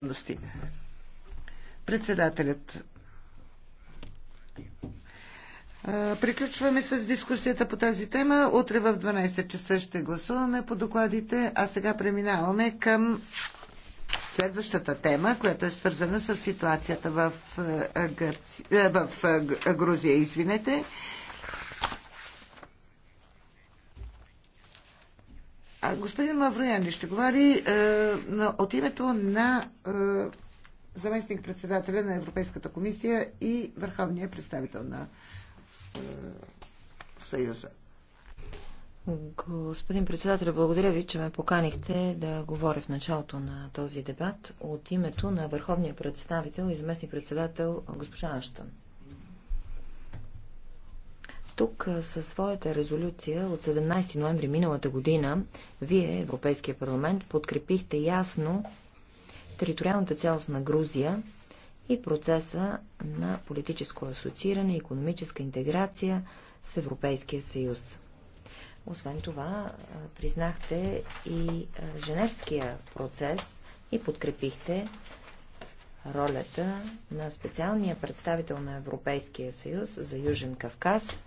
трудности. Председателят. Приключваме с дискусията по тази тема. Утре в 12 часа ще гласуваме по докладите, а сега преминаваме към следващата тема, която е свързана с ситуацията в, Гърци... в Грузия. Извинете. А господин Мавроян ще говори е, на, от името на е, заместник-председателя на Европейската комисия и върховния представител на е, Съюза. Господин председател, благодаря ви, че ме поканихте да говоря в началото на този дебат от името на върховния представител и заместник-председател госпожа Аштън. Тук със своята резолюция от 17 ноември миналата година, вие, Европейския парламент, подкрепихте ясно териториалната цялост на Грузия и процеса на политическо асоцииране, и економическа интеграция с Европейския съюз. Освен това, признахте и Женевския процес и подкрепихте ролята на специалния представител на Европейския съюз за Южен Кавказ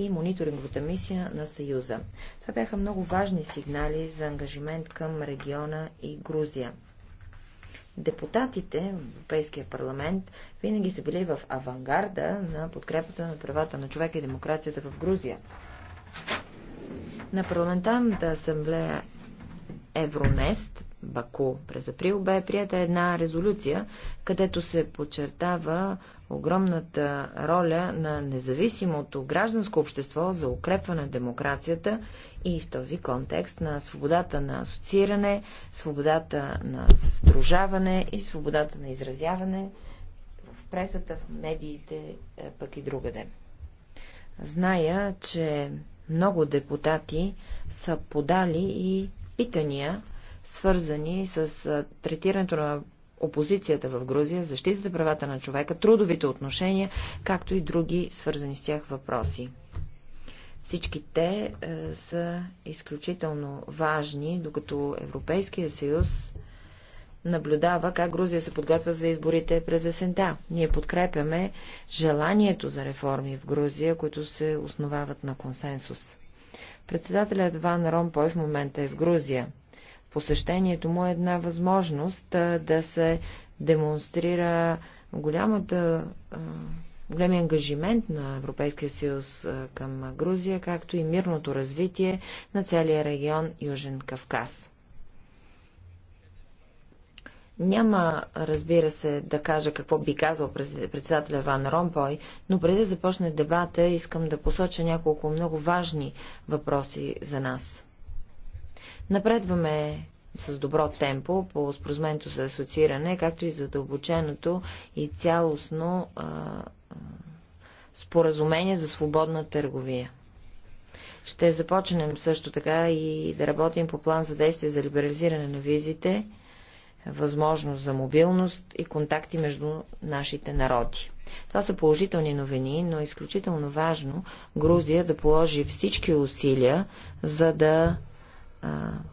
и мониторинговата мисия на Съюза. Това бяха много важни сигнали за ангажимент към региона и Грузия. Депутатите в Европейския парламент винаги са били в авангарда на подкрепата на правата на човека и демокрацията в Грузия. На парламентарната асамблея Евронест Баку през април бе прията една резолюция, където се подчертава огромната роля на независимото гражданско общество за укрепване на демокрацията и в този контекст на свободата на асоцииране, свободата на сдружаване и свободата на изразяване в пресата, в медиите, е, пък и другаде. Зная, че много депутати са подали и питания свързани с третирането на опозицията в Грузия, защитата правата на човека, трудовите отношения, както и други свързани с тях въпроси. Всички те е, са изключително важни, докато Европейския съюз наблюдава как Грузия се подготвя за изборите през есента. Ние подкрепяме желанието за реформи в Грузия, които се основават на консенсус. Председателят Ван Ромпой в момента е в Грузия. Посещението му е една възможност да се демонстрира голямата, големи ангажимент на Европейския съюз към Грузия, както и мирното развитие на целия регион Южен Кавказ. Няма, разбира се, да кажа какво би казал председателя Ван Ромпой, но преди да започне дебата, искам да посоча няколко много важни въпроси за нас. Напредваме с добро темпо по споразумението за асоцииране, както и задълбоченото и цялостно а, а, споразумение за свободна търговия. Ще започнем също така и да работим по план за действие за либерализиране на визите, възможност за мобилност и контакти между нашите народи. Това са положителни новини, но е изключително важно Грузия да положи всички усилия, за да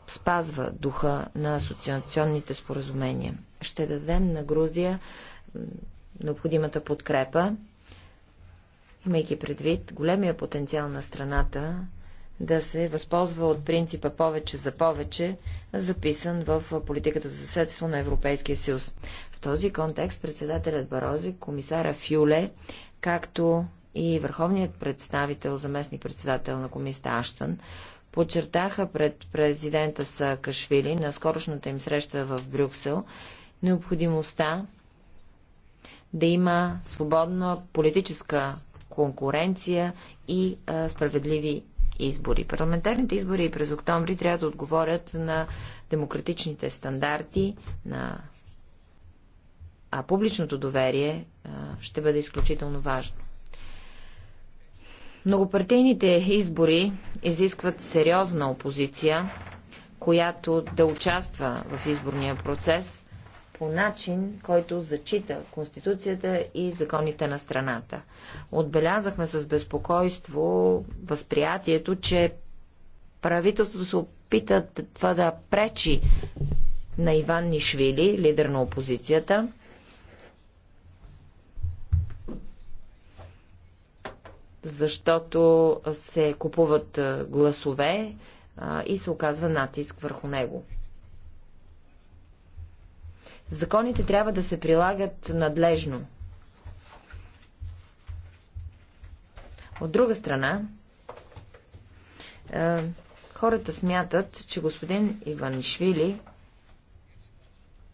спазва духа на асоциационните споразумения. Ще дадем на Грузия необходимата подкрепа, имайки предвид големия потенциал на страната да се възползва от принципа повече за повече, записан в политиката за съседство на Европейския съюз. В този контекст председателят Барози, комисара Фюле, както и върховният представител, заместник председател на комисията Аштън, подчертаха пред президента Саакашвили на скорошната им среща в Брюксел необходимостта да има свободна политическа конкуренция и а, справедливи избори. Парламентарните избори през октомври трябва да отговорят на демократичните стандарти, на... а публичното доверие а, ще бъде изключително важно. Многопартийните избори изискват сериозна опозиция, която да участва в изборния процес по начин, който зачита Конституцията и законите на страната. Отбелязахме с безпокойство възприятието, че правителството се опита това да пречи на Иван Нишвили, лидер на опозицията, защото се купуват гласове и се оказва натиск върху него. Законите трябва да се прилагат надлежно. От друга страна, хората смятат, че господин Иванишвили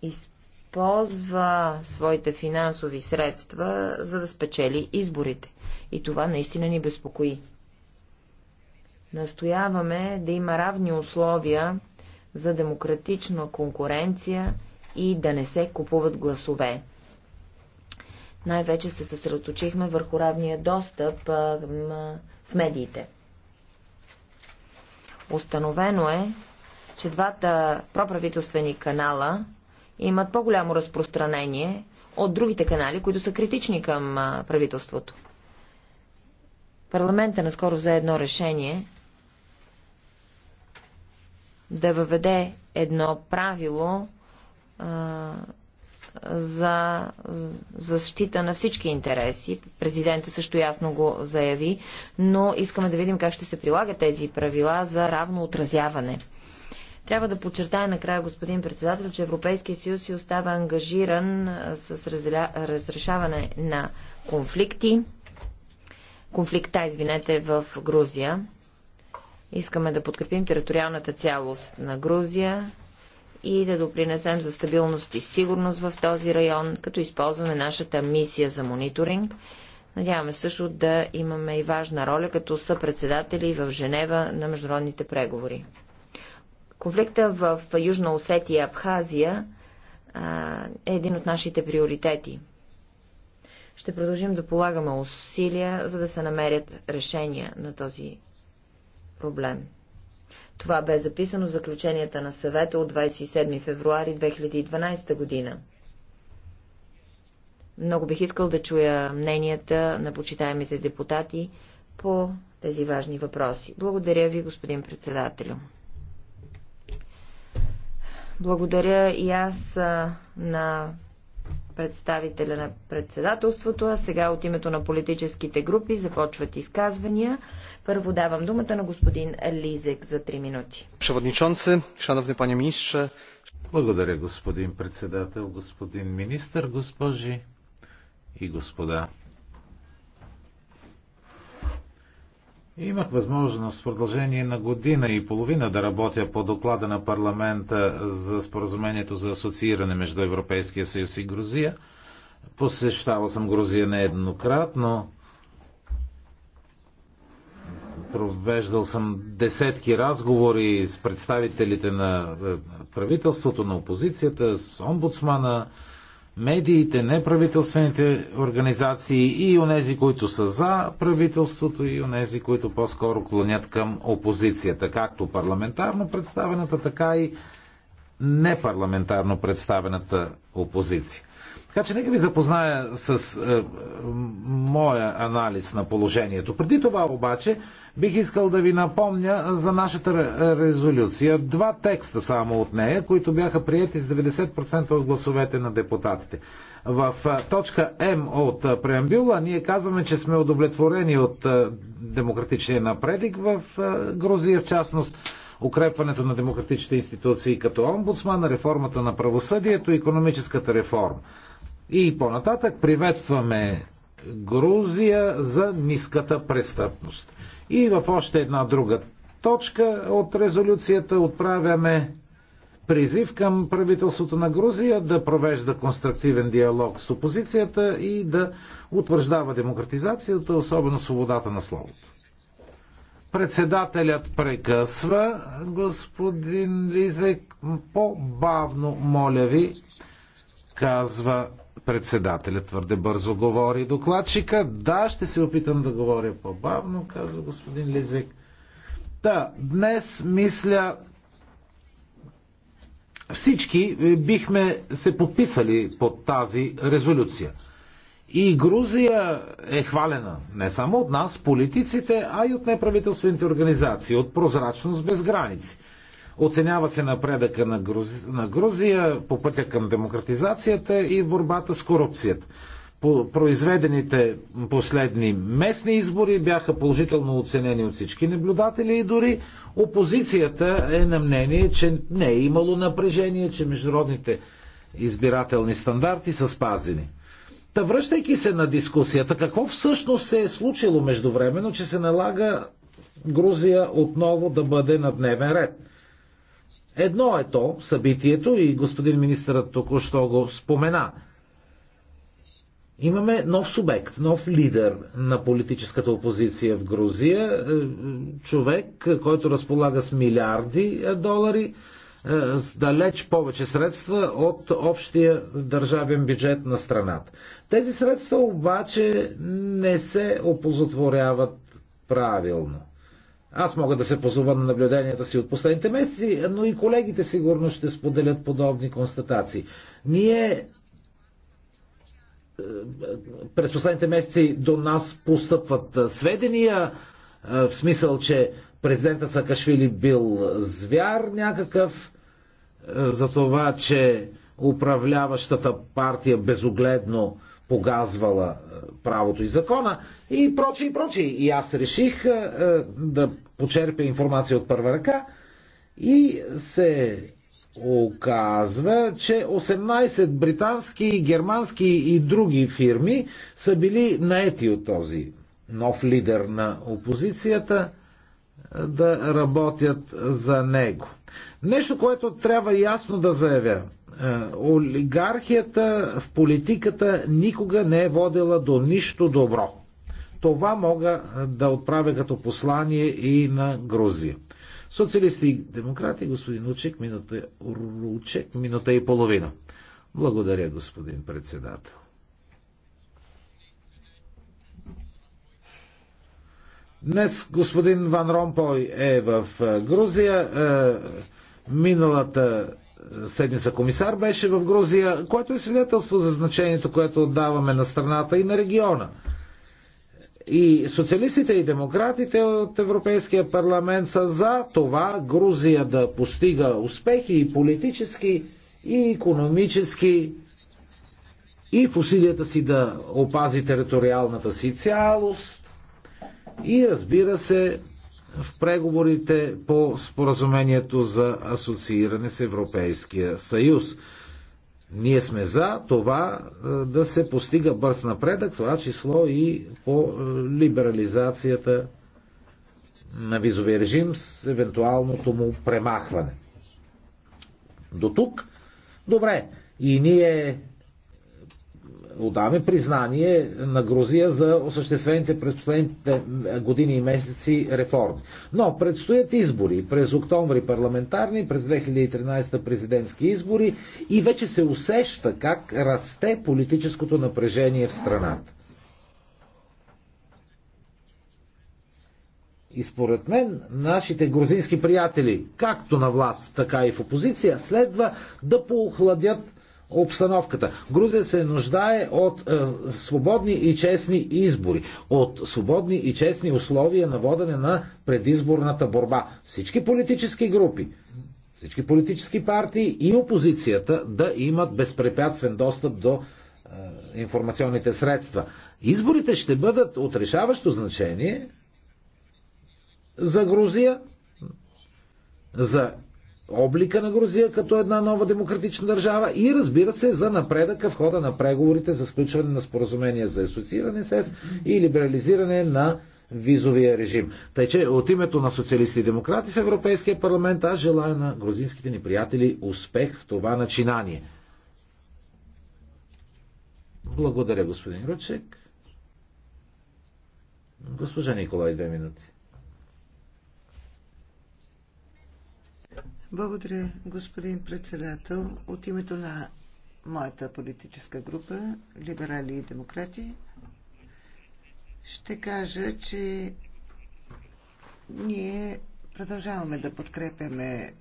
използва своите финансови средства, за да спечели изборите. И това наистина ни безпокои. Настояваме да има равни условия за демократична конкуренция и да не се купуват гласове. Най-вече се съсредоточихме върху равния достъп а, в медиите. Установено е, че двата проправителствени канала имат по-голямо разпространение от другите канали, които са критични към правителството. Парламента наскоро взе едно решение да въведе едно правило а, за защита на всички интереси. Президента също ясно го заяви, но искаме да видим как ще се прилагат тези правила за равно отразяване. Трябва да подчертая накрая, господин председател, че Европейския съюз си остава ангажиран с разрешаване на конфликти, конфликта, извинете, в Грузия. Искаме да подкрепим териториалната цялост на Грузия и да допринесем за стабилност и сигурност в този район, като използваме нашата мисия за мониторинг. Надяваме също да имаме и важна роля като съпредседатели в Женева на международните преговори. Конфликта в Южна Осетия и Абхазия е един от нашите приоритети. Ще продължим да полагаме усилия, за да се намерят решения на този проблем. Това бе записано в заключенията на съвета от 27 февруари 2012 година. Много бих искал да чуя мненията на почитаемите депутати по тези важни въпроси. Благодаря ви, господин председателю. Благодаря и аз на представителя на председателството, а сега от името на политическите групи започват изказвания. Първо давам думата на господин Лизек за 3 минути. Przewodniczący, шановни пани ministrze. Благодаря, господин председател, господин министр, госпожи и господа. Имах възможност в продължение на година и половина да работя по доклада на парламента за споразумението за асоцииране между Европейския съюз и Грузия. Посещавал съм Грузия нееднократно. Провеждал съм десетки разговори с представителите на е, правителството, на опозицията, с омбудсмана, медиите, неправителствените организации и онези, които са за правителството и онези, които по-скоро клонят към опозицията, както парламентарно представената, така и непарламентарно представената опозиция. Така че нека ви запозная с е, моя анализ на положението. Преди това обаче бих искал да ви напомня за нашата резолюция. Два текста само от нея, които бяха приети с 90% от гласовете на депутатите. В е, точка М от е, преамбюла ние казваме, че сме удовлетворени от е, демократичния напредик в Грузия, в частност укрепването на демократичните институции като омбудсман, реформата на правосъдието и економическата реформа. И по-нататък приветстваме Грузия за ниската престъпност. И в още една друга точка от резолюцията отправяме призив към правителството на Грузия да провежда конструктивен диалог с опозицията и да утвърждава демократизацията, особено свободата на словото. Председателят прекъсва господин Лизек. По-бавно, моля ви казва председателя. Твърде бързо говори докладчика. Да, ще се опитам да говоря по-бавно, казва господин Лизек. Да, днес мисля всички бихме се подписали под тази резолюция. И Грузия е хвалена не само от нас, политиците, а и от неправителствените организации, от прозрачност без граници. Оценява се напредъка на Грузия, на Грузия по пътя към демократизацията и борбата с корупцията. По произведените последни местни избори бяха положително оценени от всички наблюдатели и дори опозицията е на мнение, че не е имало напрежение, че международните избирателни стандарти са спазени. Та връщайки се на дискусията, какво всъщност се е случило междувременно, че се налага Грузия отново да бъде на дневен ред? Едно е то събитието и господин министърът току-що го спомена. Имаме нов субект, нов лидер на политическата опозиция в Грузия, е, човек, който разполага с милиарди е, долари, е, с далеч повече средства от общия държавен бюджет на страната. Тези средства обаче не се опозотворяват правилно. Аз мога да се позова на наблюденията си от последните месеци, но и колегите сигурно ще споделят подобни констатации. Ние е, през последните месеци до нас постъпват е, сведения, е, в смисъл, че президентът Сакашвили бил звяр някакъв, за това, че управляващата партия безогледно погазвала е, правото и закона и прочи и прочи. И аз реших е, е, да почерпя информация от първа ръка и се оказва, че 18 британски, германски и други фирми са били наети от този нов лидер на опозицията да работят за него. Нещо, което трябва ясно да заявя. Е, олигархията в политиката никога не е водила до нищо добро. Това мога е, да отправя като послание и на Грузия. Социалисти и демократи, господин Учек, минута, Учек, минута и половина. Благодаря, господин председател. Днес господин Ван Ромпой е в е, Грузия. Миналата седмица комисар беше в Грузия, което е свидетелство за значението, което отдаваме на страната и на региона. И социалистите и демократите от Европейския парламент са за това Грузия да постига успехи и политически, и економически, и в усилията си да опази териториалната си цялост, и разбира се в преговорите по споразумението за асоцииране с Европейския съюз. Ние сме за това е, да се постига бърз напредък, това число и по е, либерализацията на визовия режим с евентуалното му премахване. До тук? Добре. И ние отдаваме признание на Грузия за осъществените през последните години и месеци реформи. Но предстоят избори. През октомври парламентарни, през 2013 президентски избори и вече се усеща как расте политическото напрежение в страната. И според мен, нашите грузински приятели, както на власт, така и в опозиция, следва да поохладят обстановката. Грузия се нуждае от е, свободни и честни избори, от свободни и честни условия на водене на предизборната борба. Всички политически групи, всички политически партии и опозицията да имат безпрепятствен достъп до е, информационните средства. Изборите ще бъдат от решаващо значение за Грузия, за облика на Грузия като една нова демократична държава и разбира се за напредъка в хода на преговорите за сключване на споразумение за асоцииране с и либерализиране на визовия режим. Тъй, че от името на социалисти и демократи в Европейския парламент аз желая на грузинските ни приятели успех в това начинание. Благодаря, господин Ручек. Госпожа Николай, две минути. Благодаря, господин председател. От името на моята политическа група, либерали и демократи, ще кажа, че ние продължаваме да подкрепяме е,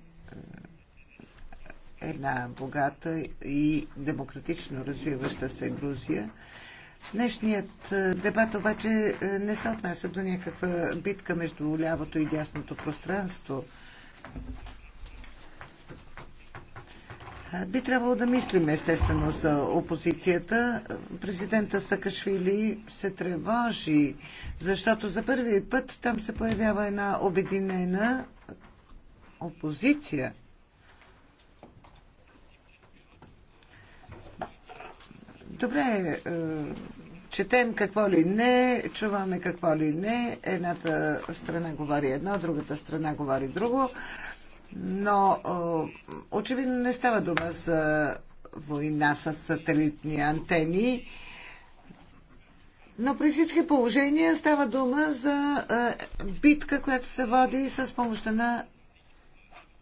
една богата и демократично развиваща се Грузия. Днешният е, дебат обаче е, не се отнася до някаква битка между лявото и дясното пространство. Би трябвало да мислим естествено за опозицията. Президента Сакашвили се тревожи, защото за първи път там се появява една обединена опозиция. Добре, е, четем какво ли не, чуваме какво ли не. Едната страна говори едно, другата страна говори друго. Но очевидно не става дума за война с сателитни антени. Но при всички положения става дума за битка, която се води с помощта на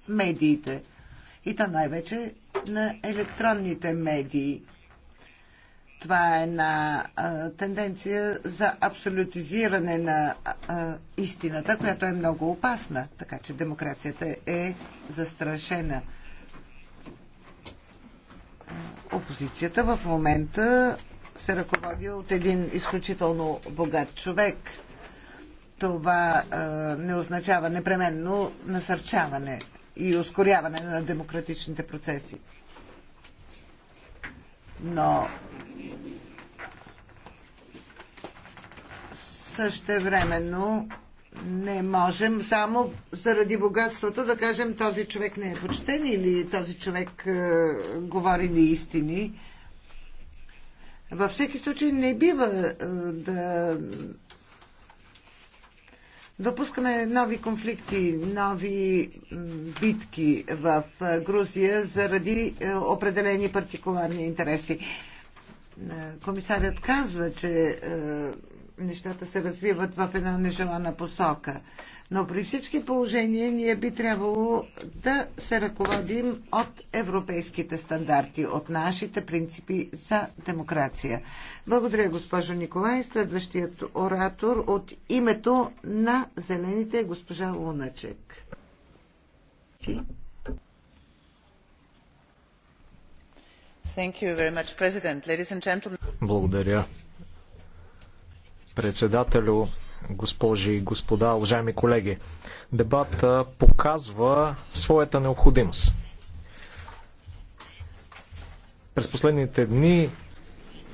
медиите. И то най-вече на електронните медии. Това е една а, тенденция за абсолютизиране на а, истината, която е много опасна. Така че демокрацията е застрашена. Опозицията в момента се ръководи от един изключително богат човек. Това а, не означава непременно насърчаване и ускоряване на демократичните процеси. Но Същевременно не можем само заради богатството да кажем този човек не е почтен или този човек е, говори неистини. Във всеки случай не бива е, да допускаме нови конфликти, нови битки в е, Грузия заради е, определени партикуларни интереси. Е, комисарят казва, че нещата се развиват в една нежелана посока. Но при всички положения ние би трябвало да се ръководим от европейските стандарти, от нашите принципи за демокрация. Благодаря, госпожо Николай. Следващият оратор от името на Зелените е госпожа Луначек. Благодаря, председателю, госпожи и господа, уважаеми колеги. Дебата показва своята необходимост. През последните дни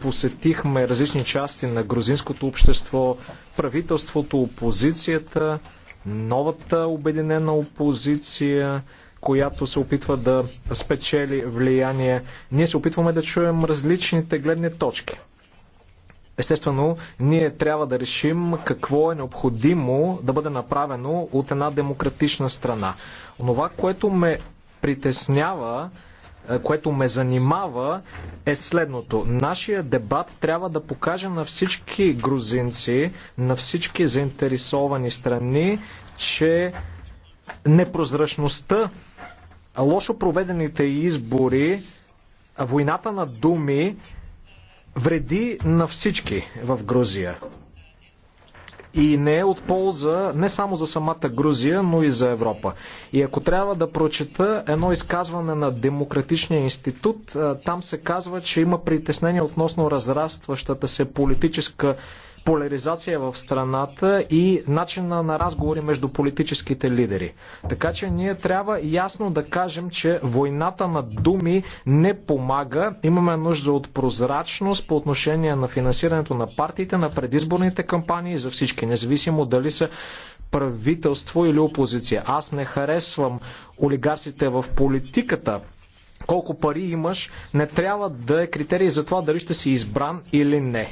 посетихме различни части на грузинското общество, правителството, опозицията, новата обединена опозиция, която се опитва да спечели влияние. Ние се опитваме да чуем различните гледни точки – Естествено, ние трябва да решим какво е необходимо да бъде направено от една демократична страна. Онова, което ме притеснява, е, което ме занимава е следното. Нашия дебат трябва да покаже на всички грузинци, на всички заинтересовани страни, че непрозрачността, лошо проведените избори, войната на думи вреди на всички в Грузия. И не е от полза не само за самата Грузия, но и за Европа. И ако трябва да прочета едно изказване на Демократичния институт, там се казва, че има притеснение относно разрастващата се политическа поляризация в страната и начина на разговори между политическите лидери. Така че ние трябва ясно да кажем, че войната на думи не помага. Имаме нужда от прозрачност по отношение на финансирането на партиите, на предизборните кампании за всички, независимо дали са правителство или опозиция. Аз не харесвам олигарсите в политиката, колко пари имаш, не трябва да е критерий за това дали ще си избран или не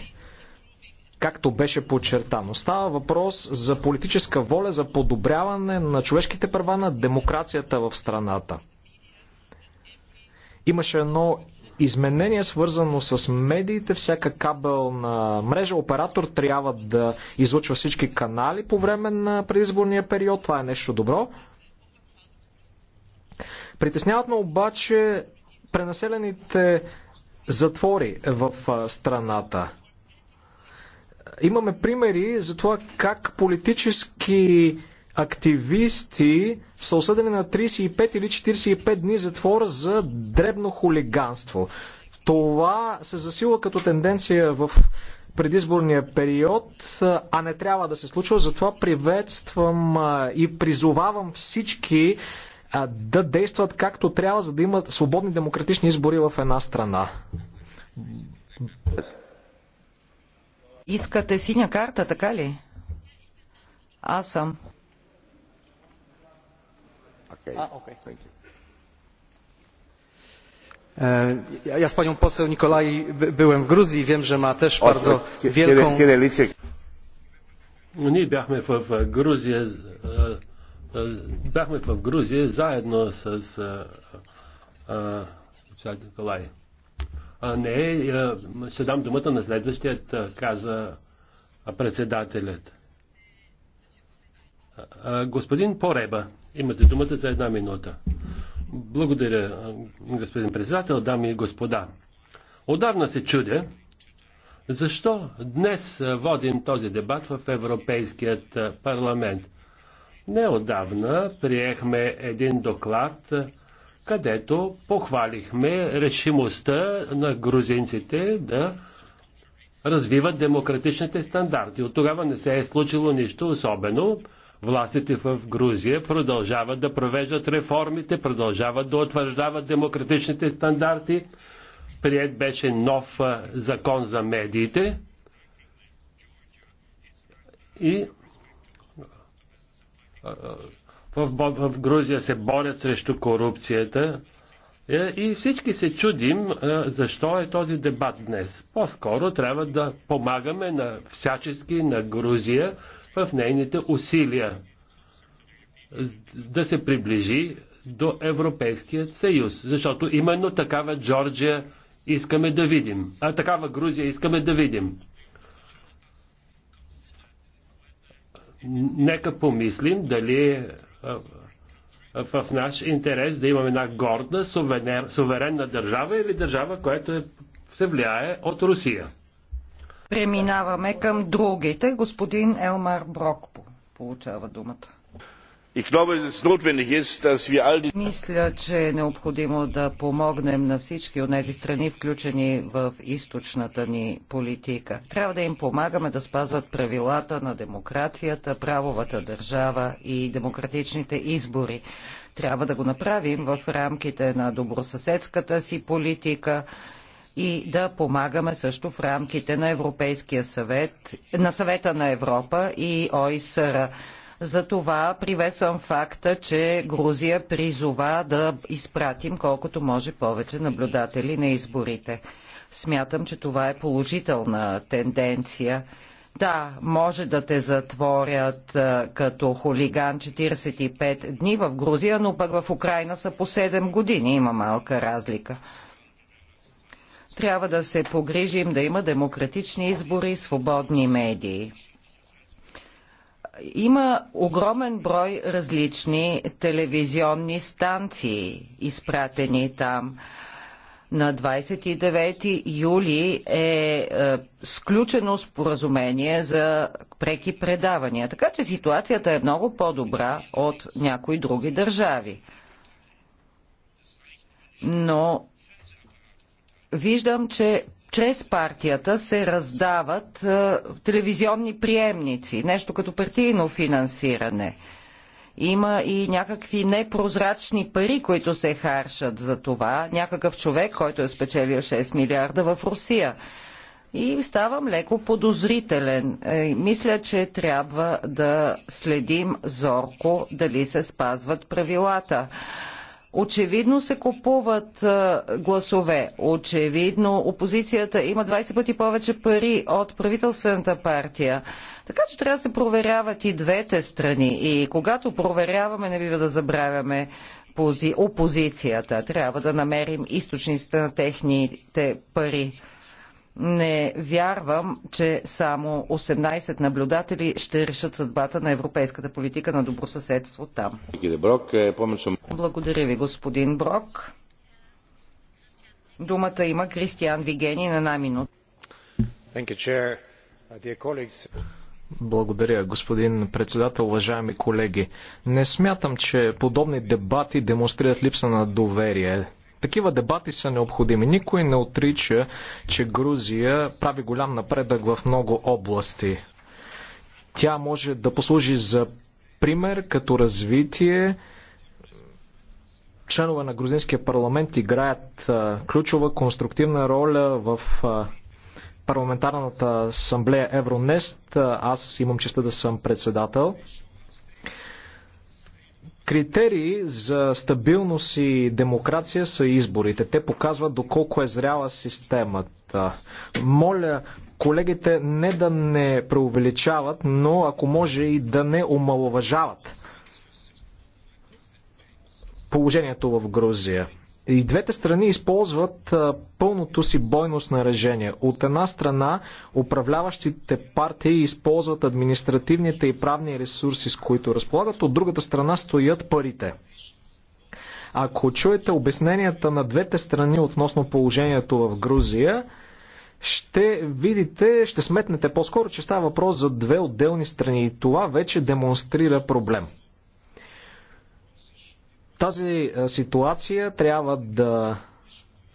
както беше подчертано. Става въпрос за политическа воля за подобряване на човешките права на демокрацията в страната. Имаше едно изменение, свързано с медиите. Всяка кабелна мрежа, оператор трябва да излучва всички канали по време на предизборния период. Това е нещо добро. Притесняват ме обаче пренаселените затвори в страната. Имаме примери за това как политически активисти са осъдени на 35 или 45 дни затвор за дребно хулиганство. Това се засила като тенденция в предизборния период, а не трябва да се случва. Затова приветствам и призовавам всички да действат както трябва, за да имат свободни демократични избори в една страна. Искате синя карта, така ли? Аз съм. Okay. Ah, okay. Thank you. Ja z panią poseł Nikolaj byłem w Gruzji, wiem, że ma też bardzo wielką... Ние бяхме в Грузия, бяхме в Грузия заедно z Nikolajem. А не ще дам думата на следващият, каза председателят. Господин Пореба, имате думата за една минута. Благодаря, господин председател, дами и господа. Отдавна се чудя, защо днес водим този дебат в Европейският парламент. Неодавна приехме един доклад където похвалихме решимостта на грузинците да развиват демократичните стандарти. От тогава не се е случило нищо особено. Властите в Грузия продължават да провеждат реформите, продължават да утвърждават демократичните стандарти. Прият беше нов закон за медиите. И в, в Грузия се борят срещу корупцията. Е, и всички се чудим е, защо е този дебат днес. По-скоро трябва да помагаме на всячески на Грузия в нейните усилия да се приближи до Европейският съюз. Защото именно такава Джорджия искаме да видим. А такава Грузия искаме да видим. Нека помислим дали в наш интерес да имаме една горда, суверенна държава или държава, която е, се влияе от Русия. Преминаваме към другите. Господин Елмар Брок получава думата. Мисля, че е необходимо да помогнем на всички от тези страни, включени в източната ни политика. Трябва да им помагаме да спазват правилата на демокрацията, правовата държава и демократичните избори. Трябва да го направим в рамките на добросъседската си политика и да помагаме също в рамките на Европейския съвет, на съвета на Европа и ОИСР. Затова приветствам факта, че Грузия призова да изпратим колкото може повече наблюдатели на изборите. Смятам, че това е положителна тенденция. Да, може да те затворят а, като хулиган 45 дни в Грузия, но пък в Украина са по 7 години. Има малка разлика. Трябва да се погрижим да има демократични избори и свободни медии. Има огромен брой различни телевизионни станции, изпратени там. На 29 юли е, е сключено споразумение за преки предавания. Така че ситуацията е много по-добра от някои други държави. Но виждам, че чрез партията се раздават е, телевизионни приемници, нещо като партийно финансиране. Има и някакви непрозрачни пари, които се харшат за това. Някакъв човек, който е спечелил 6 милиарда в Русия. И ставам леко подозрителен. Е, мисля, че трябва да следим зорко дали се спазват правилата. Очевидно се купуват гласове. Очевидно опозицията има 20 пъти повече пари от правителствената партия. Така че трябва да се проверяват и двете страни. И когато проверяваме, не бива да забравяме опозицията. Трябва да намерим източниците на техните пари. Не вярвам, че само 18 наблюдатели ще решат съдбата на европейската политика на добросъседство там. Е, Благодаря ви, господин Брок. Думата има Кристиан Вигени на една минута. Uh, Благодаря, господин председател, уважаеми колеги. Не смятам, че подобни дебати демонстрират липса на доверие. Такива дебати са необходими. Никой не отрича, че Грузия прави голям напредък в много области. Тя може да послужи за пример като развитие. Членове на грузинския парламент играят а, ключова конструктивна роля в а, парламентарната асамблея Евронест. Аз имам честа да съм председател. Критерии за стабилност и демокрация са изборите. Те показват доколко е зряла системата. Моля колегите не да не преувеличават, но ако може и да не омалуважават положението в Грузия. И двете страни използват пълното си бойно снаряжение. От една страна, управляващите партии използват административните и правни ресурси, с които разполагат, от другата страна стоят парите. Ако чуете обясненията на двете страни относно положението в Грузия, ще видите, ще сметнете по-скоро, че става въпрос за две отделни страни и това вече демонстрира проблем. Тази ситуация трябва да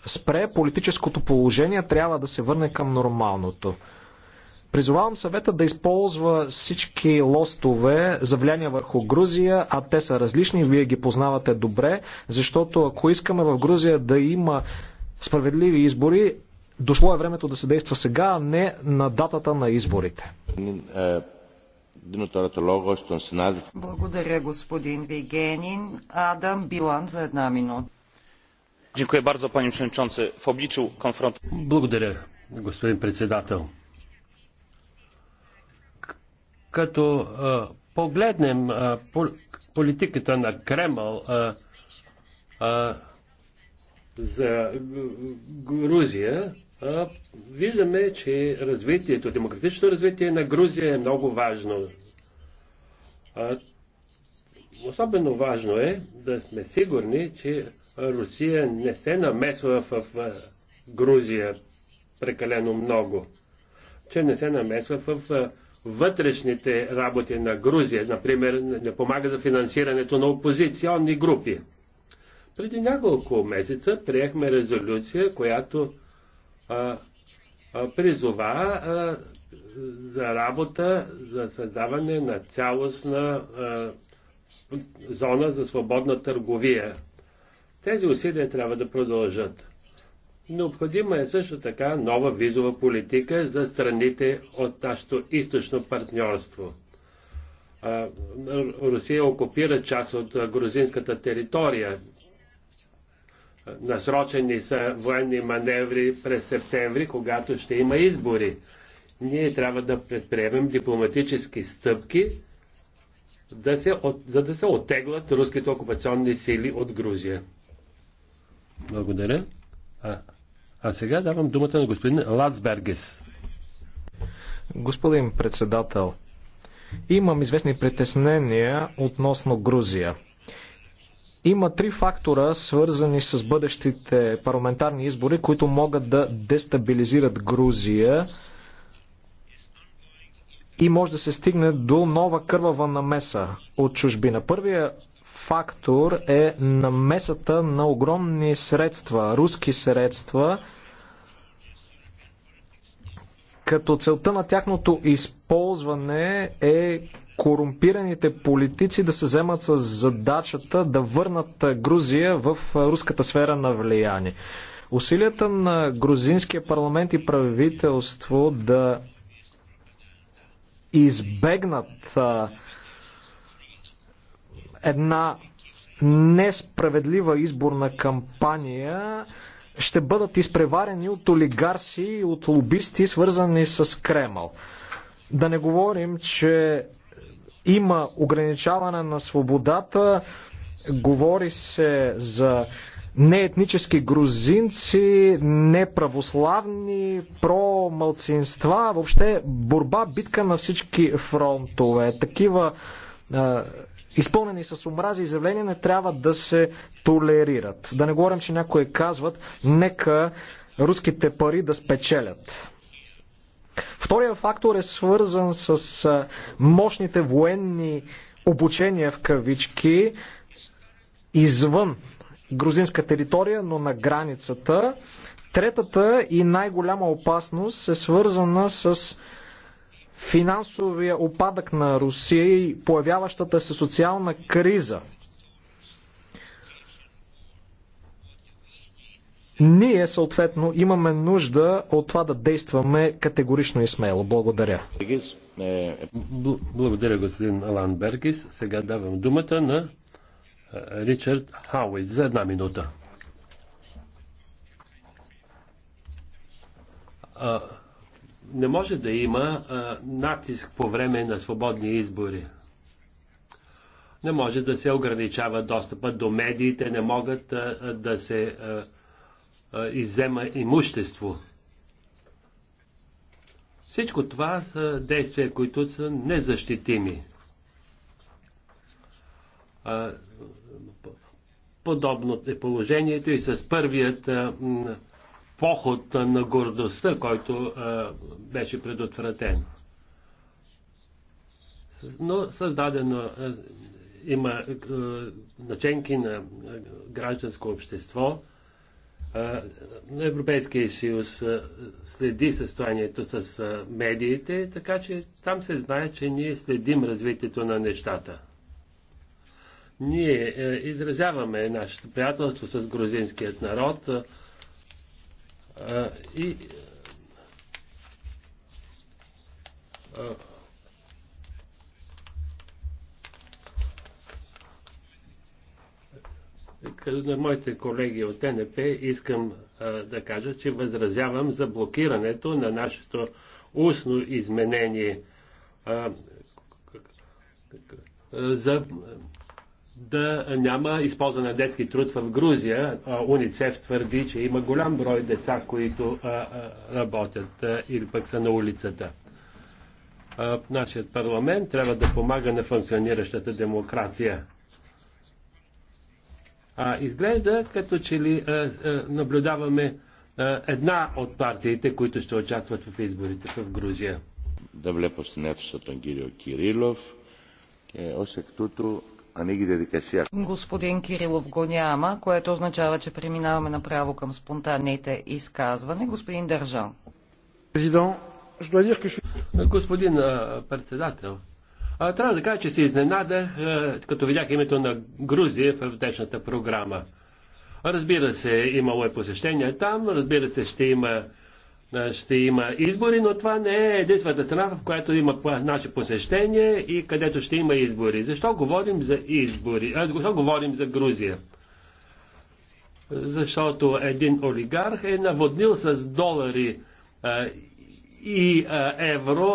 спре, политическото положение трябва да се върне към нормалното. Призовавам съвета да използва всички лостове за влияние върху Грузия, а те са различни, вие ги познавате добре, защото ако искаме в Грузия да има справедливи избори, дошло е времето да се действа сега, а не на датата на изборите. Е, благодаря, господин Вигенин. Адам Билан за една минута. Благодаря, господин председател. Като а, погледнем а, политиката на Кремъл а, за Грузия, виждаме, че развитието, демократичното развитие на Грузия е много важно. Особено важно е да сме сигурни, че Русия не се намесва в Грузия прекалено много. Че не се намесва в вътрешните работи на Грузия. Например, не помага за финансирането на опозиционни групи. Преди няколко месеца приехме резолюция, която призова за работа, за създаване на цялостна зона за свободна търговия. Тези усилия трябва да продължат. Необходима е също така нова визова политика за страните от нашето източно партньорство. Русия окупира част от грузинската територия. Насрочени са военни маневри през септември, когато ще има избори. Ние трябва да предприемем дипломатически стъпки, да се, за да се отеглят руските окупационни сили от Грузия. Благодаря. А, а сега давам думата на господин Лацбергес. Господин председател, имам известни притеснения относно Грузия. Има три фактора, свързани с бъдещите парламентарни избори, които могат да дестабилизират Грузия и може да се стигне до нова кървава намеса от чужбина. Първия фактор е намесата на огромни средства, руски средства, като целта на тяхното използване е корумпираните политици да се вземат с задачата да върнат Грузия в руската сфера на влияние. Усилията на грузинския парламент и правителство да избегнат една несправедлива изборна кампания ще бъдат изпреварени от олигарси и от лобисти, свързани с Кремъл. Да не говорим, че има ограничаване на свободата, говори се за неетнически грузинци, неправославни, про въобще борба, битка на всички фронтове. Такива е, изпълнени с омрази изявления не трябва да се толерират. Да не говорим, че някои казват, нека руските пари да спечелят. Втория фактор е свързан с мощните военни обучения в кавички извън грузинска територия, но на границата. Третата и най-голяма опасност е свързана с финансовия опадък на Русия и появяващата се социална криза – ние съответно имаме нужда от това да действаме категорично и смело. Благодаря. Благодаря, господин Алан Бергис. Сега давам думата на Ричард Хауит за една минута. не може да има натиск по време на свободни избори. Не може да се ограничава достъпа до медиите, не могат а, да се иззема имущество. Всичко това са действия, които са незащитими. Подобно е положението и с първият поход на гордостта, който беше предотвратен. Но създадено има наченки на гражданско общество, Европейския съюз следи състоянието с медиите, така че там се знае, че ние следим развитието на нещата. Ние е, изразяваме нашето приятелство с грузинският народ и на моите колеги от ТНП искам а, да кажа, че възразявам за блокирането на нашето устно изменение а, за да няма използване на детски труд в Грузия. УНИЦЕФ твърди, че има голям брой деца, които а, а, работят а, или пък са на улицата. А, нашият парламент трябва да помага на функциониращата демокрация а, изглежда като че ли а, а, наблюдаваме а, една от партиите, които ще участват в изборите в Грузия. Да βλέπω στην αίθουσα τον κύριο Κυρίλοφ και ως εκ τούτου ανοίγει διαδικασία. Господин Кирилов го няма, което означава, че преминаваме направо към спонтанните изказване. Господин Държан. Господин председател, а, трябва да кажа, че се изненадах, а, като видях името на Грузия в днешната програма. Разбира се, имало е посещение там, разбира се, ще има, ще има избори, но това не е единствената страна, в която има наше посещение и където ще има избори. Защо говорим за избори? А, защо говорим за Грузия? Защото един олигарх е наводнил с долари и евро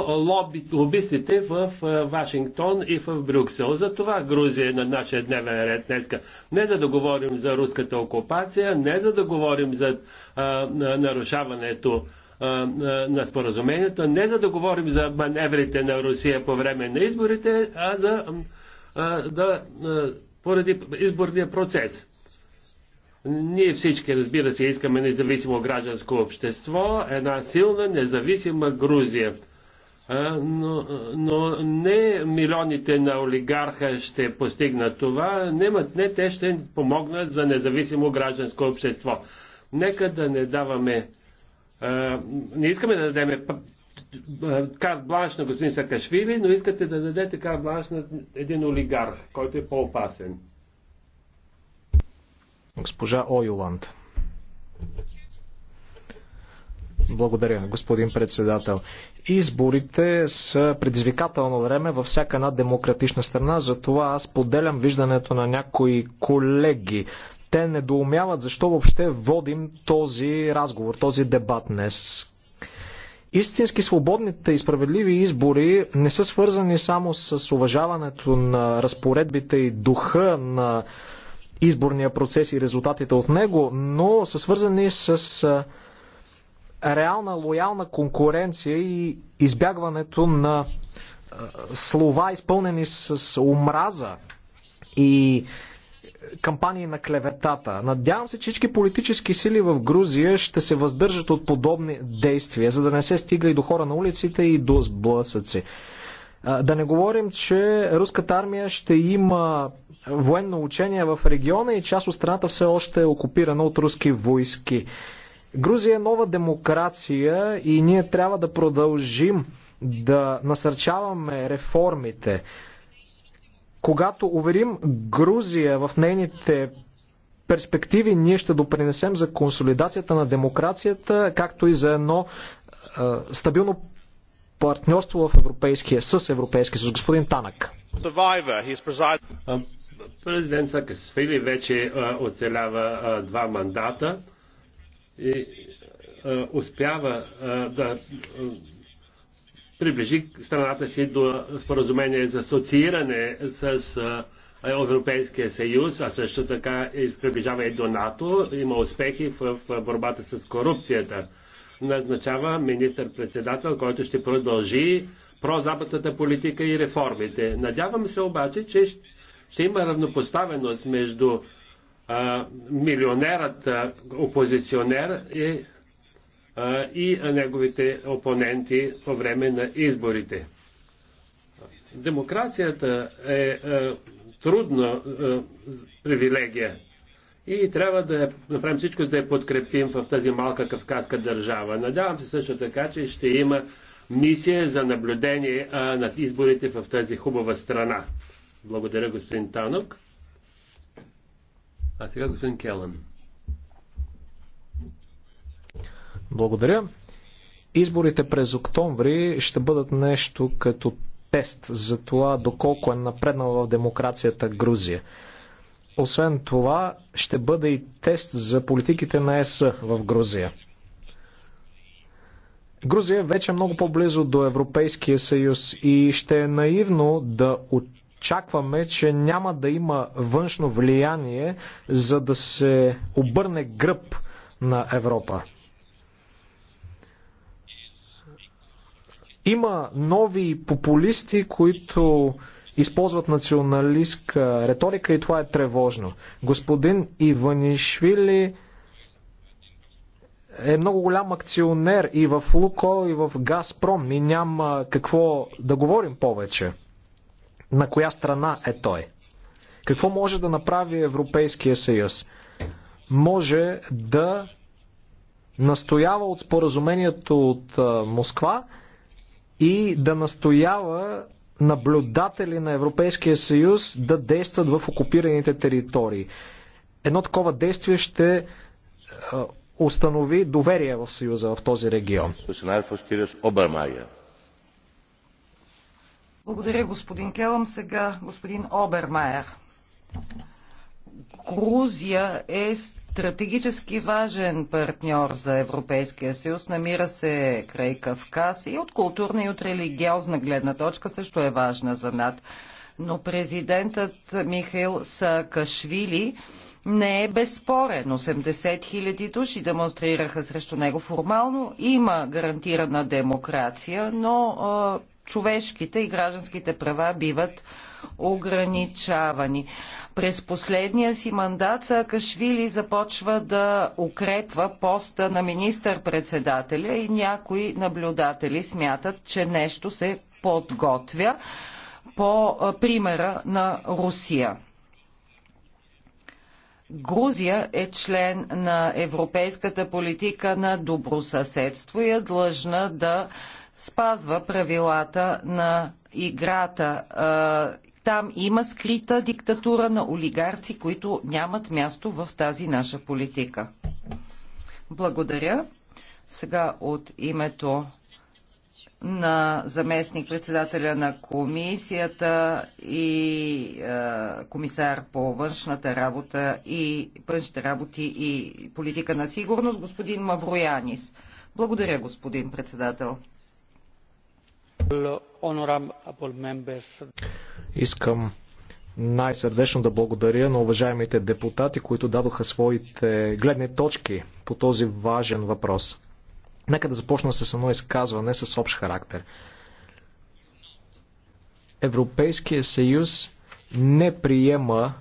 лобистите в Вашингтон и в Брюксел. За това Грузия е на нашия дневен ред днеска. Не за да говорим за руската окупация, не за да говорим за а, нарушаването а, на споразумението, не за да говорим за маневрите на Русия по време на изборите, а за а, да, поради изборния процес. Ние всички, разбира се, искаме независимо гражданско общество, една силна, независима Грузия. Но, но не милионите на олигарха ще постигнат това, не, не те ще помогнат за независимо гражданско общество. Нека да не даваме. Не искаме да дадем карт бланш на господин Сакашвили, но искате да дадете карт бланш на един олигарх, който е по-опасен. Госпожа Ойоланд. Благодаря, господин председател. Изборите са предизвикателно време във всяка една демократична страна, затова аз поделям виждането на някои колеги. Те недоумяват защо въобще водим този разговор, този дебат днес. Истински свободните и справедливи избори не са свързани само с уважаването на разпоредбите и духа на изборния процес и резултатите от него, но са свързани с реална лоялна конкуренция и избягването на слова, изпълнени с омраза и кампании на клеветата. Надявам се, че всички политически сили в Грузия ще се въздържат от подобни действия, за да не се стига и до хора на улиците и до сблъсъци. Да не говорим, че руската армия ще има военно учение в региона и част от страната все още е окупирана от руски войски. Грузия е нова демокрация и ние трябва да продължим да насърчаваме реформите. Когато уверим Грузия в нейните перспективи, ние ще допринесем за консолидацията на демокрацията, както и за едно е, стабилно партньорство в Европейския, с Европейския съюз. Господин Танак. Президент Сакасвили вече оцелява два мандата и успява да приближи страната си до споразумение за асоцииране с Европейския съюз, а също така приближава и до НАТО. Има успехи в борбата с корупцията назначава министър-председател, който ще продължи прозападната политика и реформите. Надявам се обаче, че ще има равнопоставеност между а, милионерът а, опозиционер и, а, и неговите опоненти по време на изборите. Демокрацията е а, е, трудна а, е, привилегия и трябва да направим всичко да я подкрепим в тази малка кавказска държава. Надявам се също така, че ще има мисия за наблюдение а, над изборите в тази хубава страна. Благодаря, господин Танок. А сега господин Келан. Благодаря. Изборите през октомври ще бъдат нещо като тест за това доколко е напреднала в демокрацията Грузия. Освен това, ще бъде и тест за политиките на ЕС в Грузия. Грузия е вече е много по-близо до Европейския съюз и ще е наивно да очакваме, че няма да има външно влияние, за да се обърне гръб на Европа. Има нови популисти, които използват националистка риторика и това е тревожно. Господин Иванишвили е много голям акционер и в Луко, и в Газпром и няма какво да говорим повече. На коя страна е той? Какво може да направи Европейския съюз? Може да настоява от споразумението от Москва и да настоява наблюдатели на Европейския съюз да действат в окупираните територии. Едно такова действие ще е, установи доверие в съюза в този регион. Благодаря, господин Келъм. Сега господин Обермайер. Грузия е стратегически важен партньор за Европейския съюз, намира се край Кавказ и от културна и от религиозна гледна точка също е важна за над. Но президентът Михаил Саакашвили не е безспорен. 80 хиляди души демонстрираха срещу него формално. Има гарантирана демокрация, но а, човешките и гражданските права биват ограничавани. През последния си мандат Саакашвили започва да укрепва поста на министър-председателя и някои наблюдатели смятат, че нещо се подготвя по примера на Русия. Грузия е член на европейската политика на добросъседство и е длъжна да спазва правилата на играта там има скрита диктатура на олигарци, които нямат място в тази наша политика. Благодаря. Сега от името на заместник председателя на комисията и е, комисар по външната работа и външните работи и политика на сигурност, господин Мавроянис. Благодаря, господин председател. Искам най-сърдечно да благодаря на уважаемите депутати, които дадоха своите гледни точки по този важен въпрос. Нека да започна с едно изказване с общ характер. Европейския съюз не приема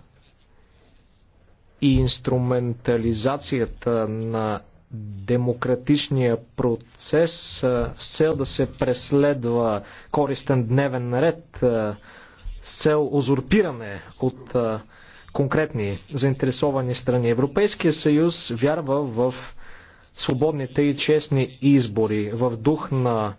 и инструментализацията на демократичния процес с цел да се преследва користен дневен наред, с цел узурпиране от конкретни заинтересовани страни. Европейския съюз вярва в свободните и честни избори, в дух на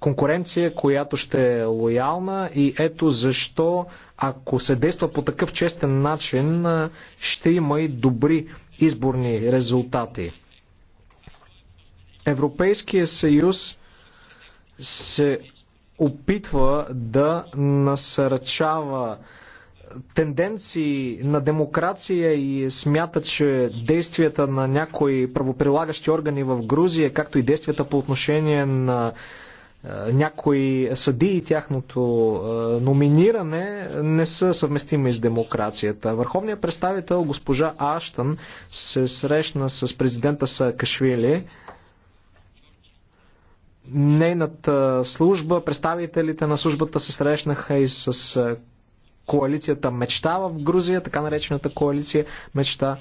конкуренция, която ще е лоялна и ето защо, ако се действа по такъв честен начин, ще има и добри изборни резултати. Европейския съюз се опитва да насърчава тенденции на демокрация и смята, че действията на някои правоприлагащи органи в Грузия, както и действията по отношение на е, някои съди и тяхното е, номиниране не са съвместими с демокрацията. Върховният представител госпожа Аштън се срещна с президента Саакашвили. Нейната служба, представителите на службата се срещнаха и с е, коалицията Мечта в Грузия, така наречената коалиция Мечта.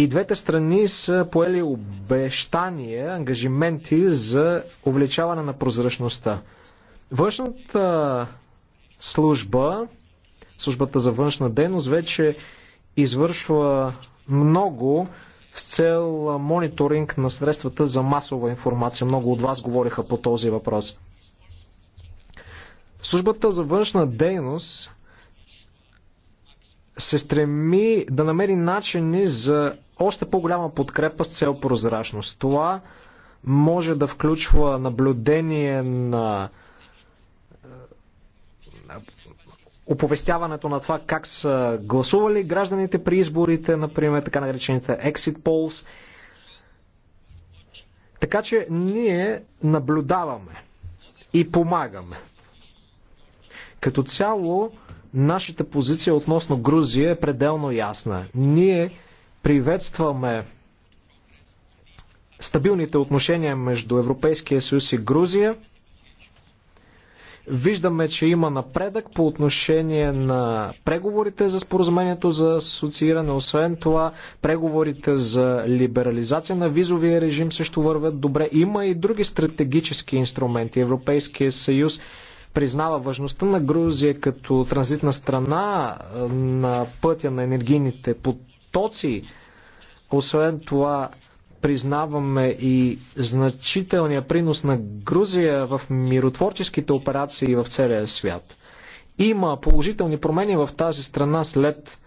И двете страни са поели обещания, ангажименти за увеличаване на прозрачността. Външната служба, службата за външна дейност, вече извършва много с цел мониторинг на средствата за масова информация. Много от вас говориха по този въпрос. Службата за външна дейност се стреми да намери начини за още по-голяма подкрепа с цел прозрачност. Това може да включва наблюдение на оповестяването на това как са гласували гражданите при изборите, например, така наречените exit polls. Така че ние наблюдаваме и помагаме. Като цяло, Нашата позиция относно Грузия е пределно ясна. Ние приветстваме стабилните отношения между Европейския съюз и Грузия. Виждаме, че има напредък по отношение на преговорите за споразумението за асоцииране. Освен това, преговорите за либерализация на визовия режим също вървят добре. Има и други стратегически инструменти. Европейския съюз признава важността на Грузия като транзитна страна на пътя на енергийните потоци. Освен това, признаваме и значителния принос на Грузия в миротворческите операции в целия свят. Има положителни промени в тази страна след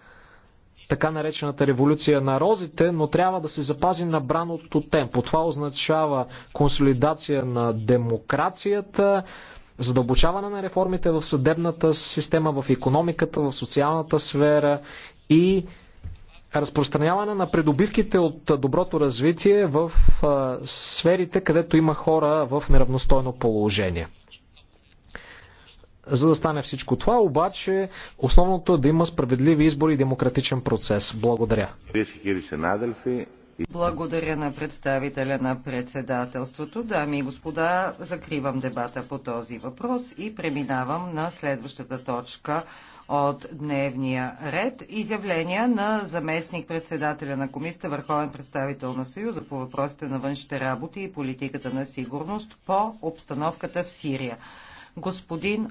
така наречената революция на розите, но трябва да се запази набраното темпо. Това означава консолидация на демокрацията, задълбочаване на реформите в съдебната система, в економиката, в социалната сфера и разпространяване на придобивките от доброто развитие в сферите, където има хора в неравностойно положение. За да стане всичко това, обаче, основното е да има справедливи избори и демократичен процес. Благодаря. Благодаря на представителя на председателството. Дами и господа, закривам дебата по този въпрос и преминавам на следващата точка от дневния ред. Изявления на заместник председателя на комисията, върховен представител на Съюза по въпросите на външните работи и политиката на сигурност по обстановката в Сирия. Господин